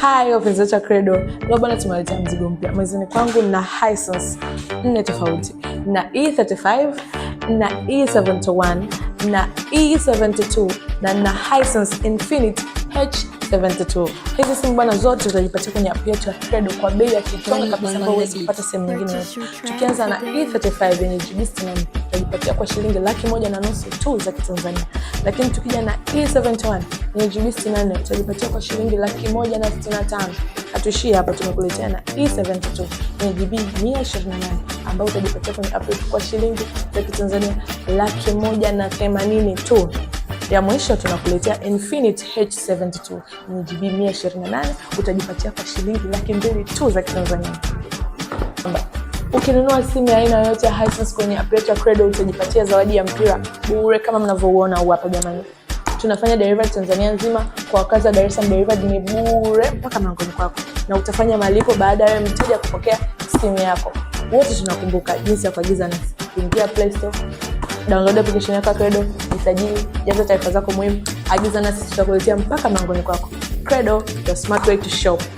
Hai wapenzi wetu wa Credo, leo bwana tumeletea mzigo mpya mwezini kwangu na Hisense nne tofauti na E35 na E71 na E72 na na Hisense Infinite H72. Hizi simu bwana zote utajipatia kwenye app yetu ya Credo kwa bei ya kitona kabisa ambayo huwezi kupata sehemu nyingine. Tukianza na E35 yenye GB 64 inaishia kwa shilingi laki moja na nusu tu za Kitanzania, lakini tukija na E71 ni GB 64 utajipatia kwa shilingi laki moja na 65. Hatuishii hapa, tumekuletea na E72 ni GB 128 ambayo utajipatia kwenye app kwa shilingi za Kitanzania laki moja na 80 tu. Ya mwisho tunakuletea Infinity H72 ni GB 128 utajipatia kwa shilingi laki mbili tu za Kitanzania. Ukinunua simu ya aina yoyote ya Hisense kwenye app yetu ya Credo utajipatia zawadi ya mpira bure kama mnavyouona huu hapa jamani. Tunafanya delivery Tanzania nzima, kwa wakazi wa Dar es Salaam delivery ni bure mpaka mlangoni kwako, na utafanya malipo baada ya mteja kupokea simu yako. Wote tunakumbuka jinsi ya kuagiza na kuingia Play Store, download application yako ya Credo, jisajili, jaza taarifa zako muhimu, agiza nasi, tutakuletea mpaka mlangoni kwako. Credo, the smart way to shop.